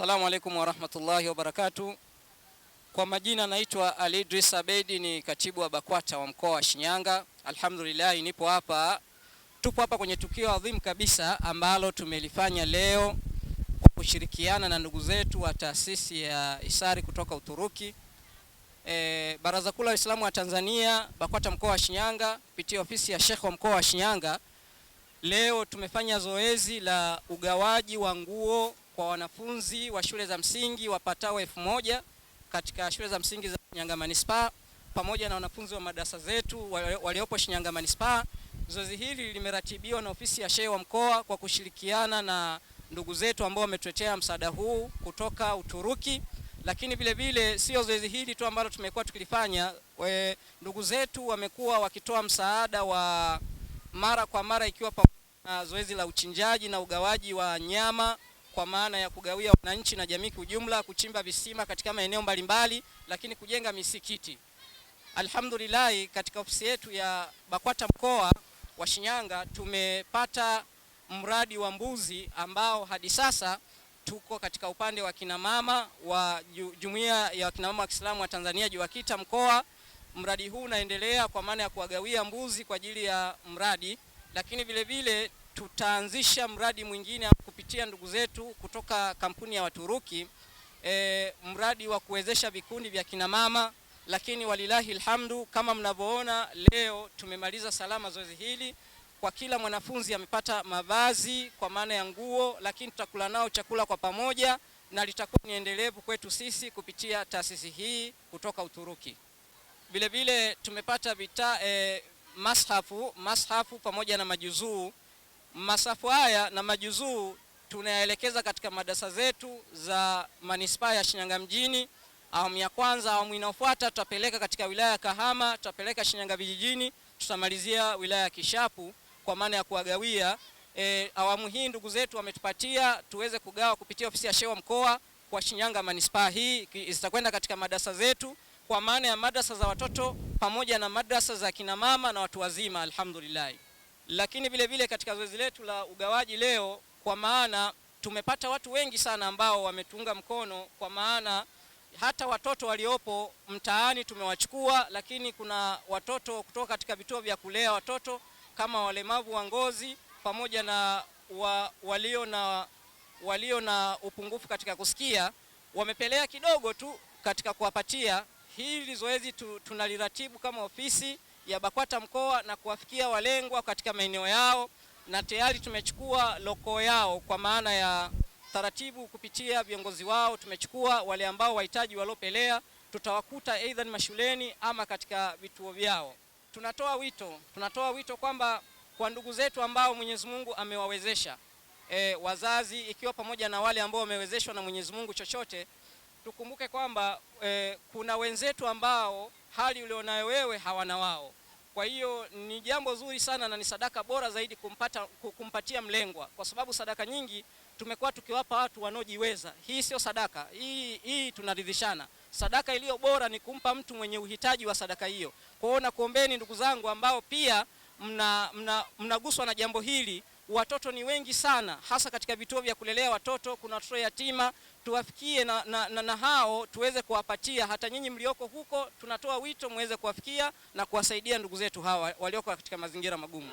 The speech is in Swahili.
wa rahmatullahi warahmatullahi wabarakatu. Kwa majina naitwa Ali Idris Abedi, ni katibu wa BAKWATA wa mkoa wa Shinyanga. Alhamdulillah, nipo hapa, tupo hapa kwenye tukio adhimu kabisa ambalo tumelifanya leo kwa kushirikiana na ndugu zetu wa taasisi ya Isari kutoka Uturuki. E, Baraza Kuu la Waislamu wa Tanzania BAKWATA mkoa wa Shinyanga kupitia ofisi ya Sheikh wa mkoa wa Shinyanga leo tumefanya zoezi la ugawaji wa nguo kwa wanafunzi wa shule za msingi wapatao elfu moja katika shule za msingi za Shinyanga Manispaa pamoja na wanafunzi wa madarasa zetu waliopo Shinyanga Manispaa. Zoezi hili limeratibiwa na ofisi ya shehe wa mkoa kwa kushirikiana na ndugu zetu ambao wametuletea msaada huu kutoka Uturuki. Lakini vile vile sio zoezi hili tu ambalo tumekuwa tukilifanya, ndugu zetu wamekuwa wakitoa msaada wa mara kwa mara, ikiwa pamoja na zoezi la uchinjaji na ugawaji wa nyama kwa maana ya kugawia wananchi na jamii kiujumla, ujumla, kuchimba visima katika maeneo mbalimbali, lakini kujenga misikiti. Alhamdulillah, katika ofisi yetu ya BAKWATA mkoa wa Shinyanga tumepata mradi wa mbuzi ambao hadi sasa tuko katika upande wa mama wa jumuiya ya mama wa Kiislamu wa Tanzania JUWAKITA mkoa. Mradi huu unaendelea kwa maana ya kuwagawia mbuzi kwa ajili ya mradi, lakini vilevile tutaanzisha mradi mwingine kupitia ndugu zetu kutoka kampuni ya Waturuki e, mradi wa kuwezesha vikundi vya kinamama, lakini walilahi alhamdu, kama mnavyoona leo tumemaliza salama zoezi hili. Kwa kila mwanafunzi amepata mavazi kwa maana ya nguo, lakini tutakula nao chakula kwa pamoja na litakuwa ni endelevu kwetu sisi kupitia taasisi hii kutoka Uturuki. Vilevile tumepata vita, e, mashafu mashafu pamoja na majuzuu Masafu haya na majuzuu tunayaelekeza katika madarasa zetu za manispaa ya Shinyanga mjini awamu ya kwanza. Awamu inayofuata tutapeleka katika wilaya ya Kahama, tutapeleka Shinyanga vijijini, tutamalizia wilaya ya Kishapu kwa maana ya kuwagawia. E, awamu hii ndugu zetu wametupatia tuweze kugawa kupitia ofisi ya shewa mkoa kwa Shinyanga manispaa hii zitakwenda katika madarasa zetu kwa maana ya madrasa za watoto pamoja na madrasa za kinamama na watu wazima, alhamdulillah. Lakini vile vile katika zoezi letu la ugawaji leo, kwa maana tumepata watu wengi sana ambao wametuunga mkono, kwa maana hata watoto waliopo mtaani tumewachukua, lakini kuna watoto kutoka katika vituo vya kulea watoto kama walemavu wa ngozi pamoja na wa, walio na walio na upungufu katika kusikia wamepelea kidogo tu katika kuwapatia. Hili zoezi tu, tunaliratibu kama ofisi ya BAKWATA mkoa na kuwafikia walengwa katika maeneo yao, na tayari tumechukua loko yao kwa maana ya taratibu kupitia viongozi wao. Tumechukua wale ambao wahitaji waliopelea, tutawakuta aidha ni mashuleni ama katika vituo vyao. Tunatoa wito, tunatoa wito kwamba kwa ndugu zetu ambao Mwenyezi Mungu amewawezesha e, wazazi ikiwa pamoja na wale ambao wamewezeshwa na Mwenyezi Mungu chochote tukumbuke kwamba e, kuna wenzetu ambao hali ulionayo wewe hawana wao. Kwa hiyo ni jambo zuri sana na ni sadaka bora zaidi kumpata, kumpatia mlengwa, kwa sababu sadaka nyingi tumekuwa tukiwapa watu wanaojiweza. Hii sio sadaka, hii, hii tunaridhishana. Sadaka iliyo bora ni kumpa mtu mwenye uhitaji wa sadaka hiyo. Kwa hiyo nakuombeni ndugu zangu ambao pia mnaguswa mna, mna na jambo hili watoto ni wengi sana, hasa katika vituo vya kulelea watoto. Kuna watoto yatima, tuwafikie na, na, na, na hao tuweze kuwapatia. Hata nyinyi mlioko huko, tunatoa wito muweze kuwafikia na kuwasaidia ndugu zetu hawa walioko katika mazingira magumu.